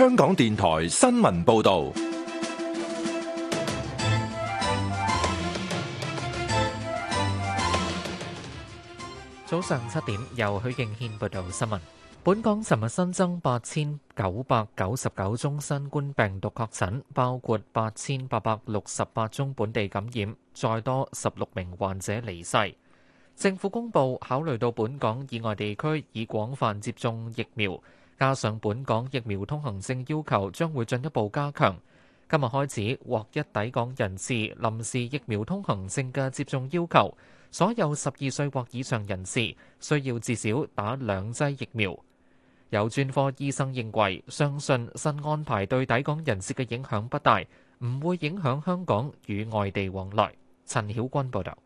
香港電台新聞報道。早上七點，由許敬軒報道新聞。本港尋日新增八千九百九十九宗新冠病毒確診，包括八千八百六十八宗本地感染，再多十六名患者離世。政府公布，考慮到本港以外地區已廣泛接種疫苗。加上本港疫苗通行證要求將會進一步加強，今日開始獲一抵港人士臨時疫苗通行證嘅接種要求，所有十二歲或以上人士需要至少打兩劑疫苗。有專科醫生認為，相信新安排對抵港人士嘅影響不大，唔會影響香港與外地往來。陳曉君報道。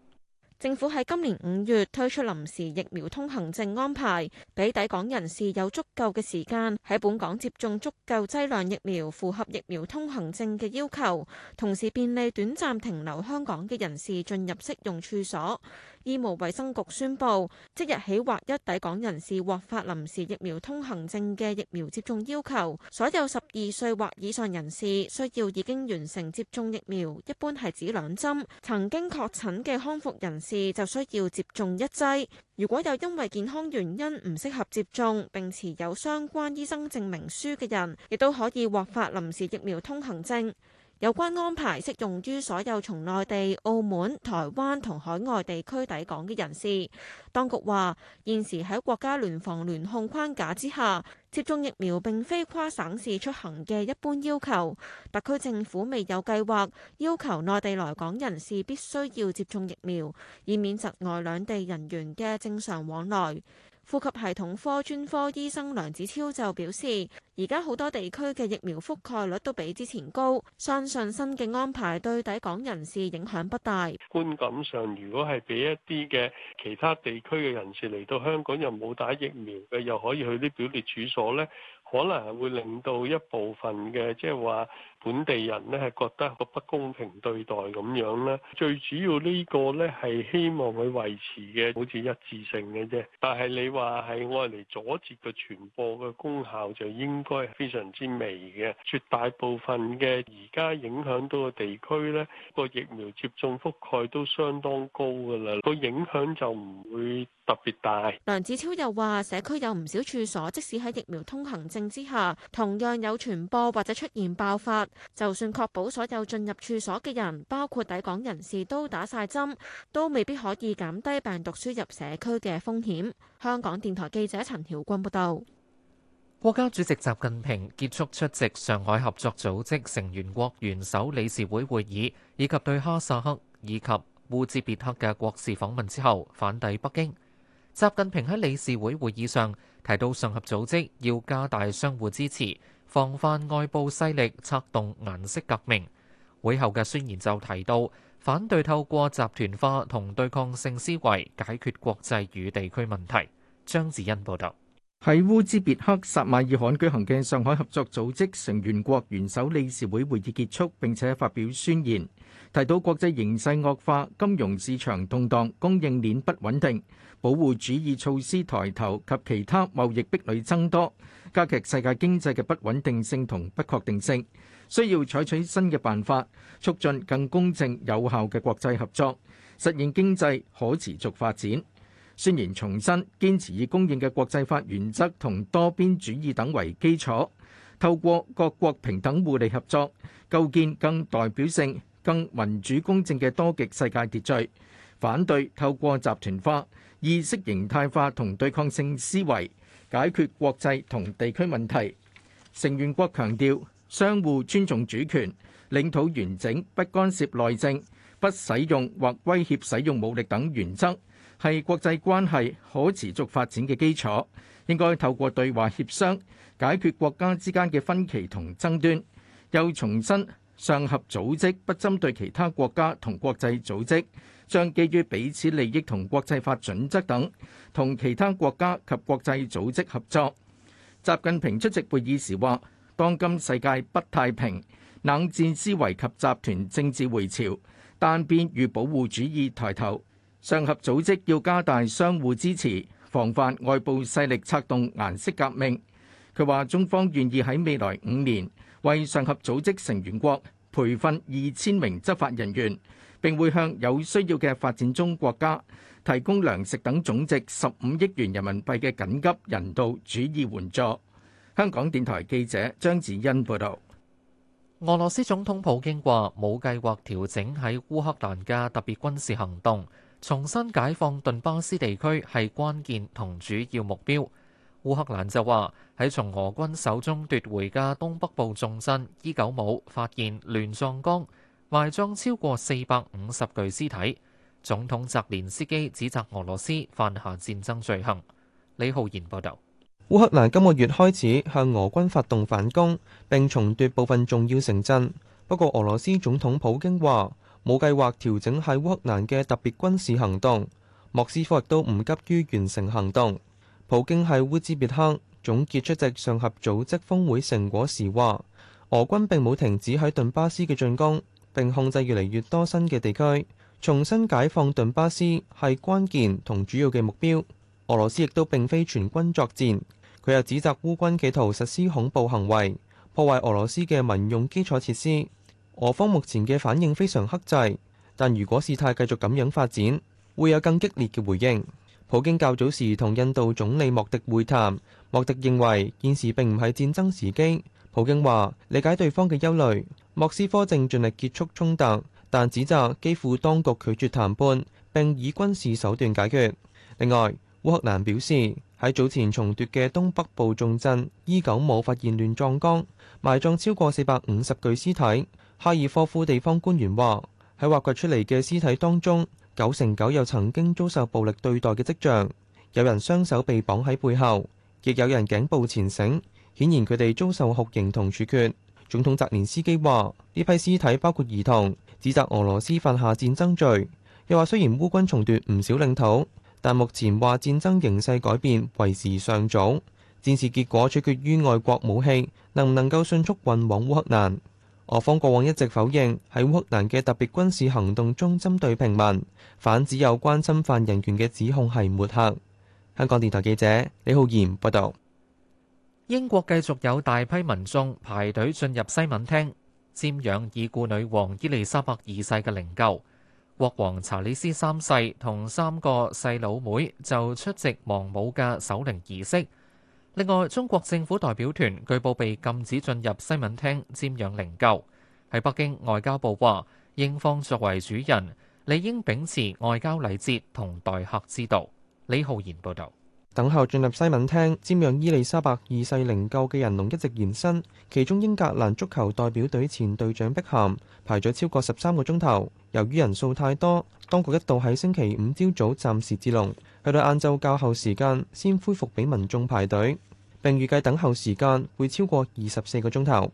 政府喺今年五月推出臨時疫苗通行證安排，俾抵港人士有足夠嘅時間喺本港接種足夠劑量疫苗，符合疫苗通行證嘅要求，同時便利短暫停留香港嘅人士進入適用處所。醫務衛生局宣布，即日起或一抵港人士獲發臨時疫苗通行證嘅疫苗接種要求，所有十二歲或以上人士需要已經完成接種疫苗，一般係指兩針。曾經確診嘅康復人士就需要接種一劑。如果有因為健康原因唔適合接種並持有相關醫生證明書嘅人，亦都可以獲發臨時疫苗通行證。有關安排適用於所有從內地、澳門、台灣同海外地區抵港嘅人士。當局話，現時喺國家聯防聯控框架之下，接種疫苗並非跨省市出行嘅一般要求。特區政府未有計劃要求內地來港人士必須要接種疫苗，以免窒礙兩地人員嘅正常往來。呼吸系統科專科醫生梁子超就表示，而家好多地區嘅疫苗覆蓋率都比之前高，相信新嘅安排對抵港人士影響不大。觀感上，如果係俾一啲嘅其他地區嘅人士嚟到香港又冇打疫苗嘅，又可以去啲表列處所咧，可能係會令到一部分嘅，即係話，就是本地人呢，係覺得個不公平對待咁樣咧，最主要呢個呢，係希望佢維持嘅好似一致性嘅啫。但係你話係愛嚟阻截個傳播嘅功效，就應該係非常之微嘅。絕大部分嘅而家影響到嘅地區呢，個疫苗接種覆蓋都相當高噶啦，個影響就唔會特別大。梁子超又話：社區有唔少處所，即使喺疫苗通行證之下，同樣有傳播或者出現爆發。就算確保所有進入處所嘅人，包括抵港人士，都打晒針，都未必可以減低病毒輸入社區嘅風險。香港電台記者陳曉君報道。國家主席習近平結束出席上海合作組織成員國元首理事會會議，以及對哈薩克以及烏茲別克嘅國事訪問之後返抵北京。習近平喺理事會會議上提到，上合組織要加大相互支持。防範外部勢力策動顏色革命。會後嘅宣言就提到，反對透過集團化同對抗性思維解決國際與地區問題。張子欣報導。喺烏茲別克薩馬爾罕舉行嘅上海合作組織成員國元首理事會會議結束並且發表宣言，提到國際形勢惡化、金融市場動盪、供應鏈不穩定、保護主義措施抬頭及其他貿易壁壘增多，加劇世界經濟嘅不穩定性同不確定性，需要採取新嘅辦法，促進更公正有效嘅國際合作，實現經濟可持續發展。宣言重申，堅持以公認嘅國際法原則同多邊主義等為基礎，透過各國平等互利合作，構建更代表性、更民主公正嘅多極世界秩序。反對透過集團化、意識形態化同對抗性思維。解決國際同地區問題，成員國強調相互尊重主權、領土完整、不干涉內政、不使用或威脅使用武力等原則係國際關係可持續發展嘅基礎，應該透過對話協商解決國家之間嘅分歧同爭端。又重申，上合組織不針對其他國家同國際組織，將基於彼此利益同國際法準則等，同其他國家及國際組織合作。習近平出席會議時話：當今世界不太平，冷戰思維及集團政治回潮，單邊與保護主義抬頭。上合組織要加大相互支持，防範外部勢力策動顏色革命。佢話中方願意喺未來五年。為上合組織成員國培訓二千名執法人員，並會向有需要嘅發展中國家提供糧食等總值十五億元人民幣嘅緊急人道主義援助。香港電台記者張子欣報道。俄羅斯總統普京話：冇計劃調整喺烏克蘭嘅特別軍事行動，重新解放頓巴斯地區係關鍵同主要目標。烏克蘭就話喺從俄軍手中奪回嘅東北部重鎮伊久姆發現亂葬崗，埋葬超過四百五十具屍體。總統澤連斯基指責俄羅斯犯下戰爭罪行。李浩然報導，烏克蘭今個月開始向俄軍發動反攻，並重奪部分重要城鎮。不過，俄羅斯總統普京話冇計劃調整喺烏克蘭嘅特別軍事行動，莫斯科亦都唔急於完成行動。普京喺烏茲別克總結出席上合組織峰會成果時話：俄軍並冇停止喺頓巴斯嘅進攻，並控制越嚟越多新嘅地區。重新解放頓巴斯係關鍵同主要嘅目標。俄羅斯亦都並非全軍作戰。佢又指責烏軍企圖實施恐怖行為，破壞俄羅斯嘅民用基礎設施。俄方目前嘅反應非常克制，但如果事態繼續咁樣發展，會有更激烈嘅回應。普京較早時同印度總理莫迪會談，莫迪認為現時並唔係戰爭時機。普京話理解對方嘅憂慮，莫斯科正盡力結束衝突，但指責基輔當局拒絕談判並以軍事手段解決。另外，烏克蘭表示喺早前重奪嘅東北部重鎮伊久姆發現亂葬崗，埋葬超過四百五十具屍體。哈爾科夫地方官員話喺挖掘出嚟嘅屍體當中，九成九有曾經遭受暴力對待嘅跡象，有人雙手被綁喺背後，亦有人頸部纏繩，顯然佢哋遭受酷刑同處決。總統澤連斯基話：呢批屍體包括兒童，指責俄羅斯犯下戰爭罪，又話雖然烏軍重奪唔少領土，但目前話戰爭形勢改變為時尚早。戰事結果取決於外國武器，能唔能夠迅速運往烏克蘭。俄方過往一直否認喺烏克蘭嘅特別軍事行動中針對平民，反指有關侵犯人權嘅指控係抹黑。香港電台記者李浩然報導。英國繼續有大批民眾排隊進入西敏廳，瞻仰已故女王伊麗莎白二世嘅靈柩。國王查理斯三世同三個細佬妹就出席亡母嘅守靈儀式。另外，中國政府代表團據報被禁止進入西敏廳瞻仰靈柩。喺北京，外交部話，英方作為主人，理應秉持外交禮節同待客之道。李浩然報導。等候進入西敏廳，瞻仰伊利沙伯二世靈柩嘅人龍一直延伸，其中英格蘭足球代表隊前隊長碧咸排咗超過十三個鐘頭。由於人數太多，當局一度喺星期五朝早暫時截龍，去到晏晝較後時間先恢復俾民眾排隊，並預計等候時間會超過二十四個鐘頭。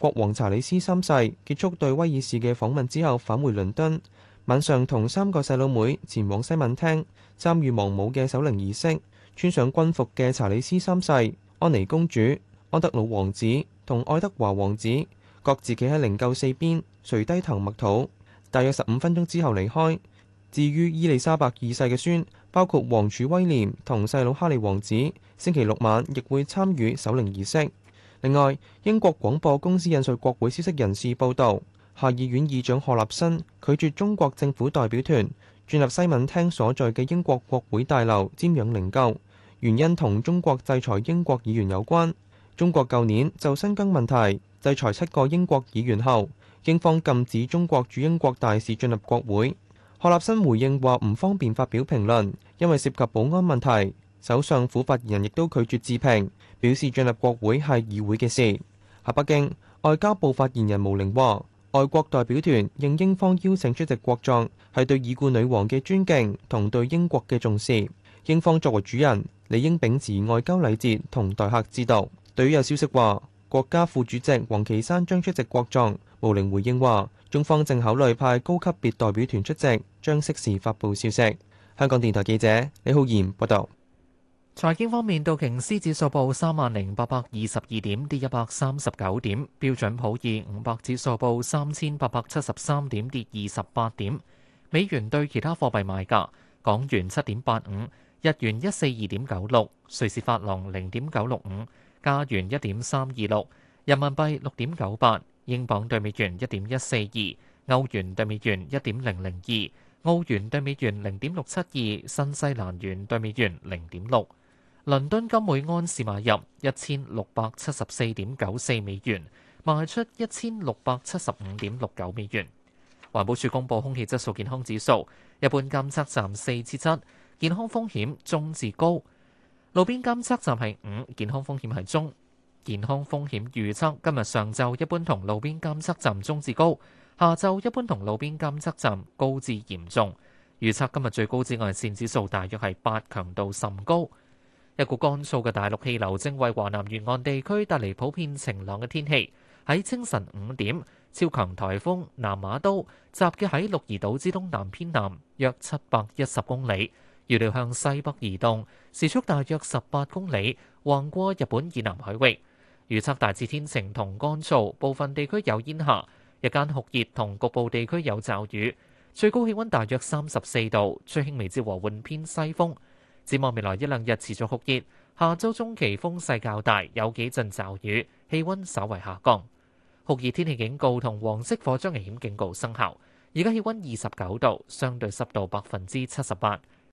國王查理斯三世結束對威爾士嘅訪問之後，返回倫敦，晚上同三個細佬妹前往西敏廳，參與亡母嘅守靈儀式。穿上軍服嘅查理斯三世、安妮公主、安德魯王子同愛德華王子各自企喺靈柩四邊，垂低頭默禱。大約十五分鐘之後離開。至於伊麗莎白二世嘅孫，包括王儲威廉同細佬哈利王子，星期六晚亦會參與守靈儀式。另外，英國廣播公司引述國會消息人士報道，下議院議長何立新拒絕中國政府代表團轉入西敏廳所在嘅英國國會大樓瞻仰靈柩。原因同中國制裁英國議員有關，中國舊年就新疆問題制裁七個英國議員後，英方禁止中國駐英國大使進入國會，柯立新回應話唔方便發表評論，因為涉及保安問題。首相府發言人亦都拒絕置評，表示進入國會係議會嘅事。喺北京，外交部發言人毛寧話，外國代表團應英方邀請出席國葬，係對已故女王嘅尊敬同對英國嘅重視。英方作為主人，理應秉持外交禮節同待客之道。對於有消息話國家副主席王岐山將出席國葬，毛寧回應話：中方正考慮派高級別代表團出席，將適時發布消息。香港電台記者李浩然報道。財經方面，道瓊斯指數報三萬零八百二十二點，跌一百三十九點；標準普爾五百指數報三千八百七十三點，跌二十八點。美元對其他貨幣買價，港元七點八五。日元一四二點九六，瑞士法郎零點九六五，加元一點三二六，人民幣六點九八，英鎊對美元一點一四二，歐元對美元一點零零二，澳元對美元零點六七二，新西蘭元對美元零點六。倫敦金每安士買入一千六百七十四點九四美元，賣出一千六百七十五點六九美元。環保署公布空氣質素健康指數，一般監測站四至七。7，健康風險中至高，路邊監測站係五，健康風險係中。健康風險預測今日上晝一般同路邊監測站中至高，下晝一般同路邊監測站高至嚴重。預測今日最高紫外線指數大約係八，強度甚高。一股乾燥嘅大陸氣流正為華南沿岸地區帶嚟普遍晴朗嘅天氣，喺清晨五點，超強颱風南馬都集結喺鹿兒島之東南偏南約七百一十公里。預料向西北移動，時速大約十八公里，橫過日本以南海域。預測大致天晴同乾燥，部分地區有煙霞。日間酷熱，同局部地區有驟雨，最高氣溫大約三十四度。吹輕微至和緩偏西風。展望未來一兩日持續酷熱，下周中期風勢較大，有幾陣驟雨，氣溫稍為下降。酷熱天氣警告同黃色火災危險警告生效。而家氣溫二十九度，相對濕度百分之七十八。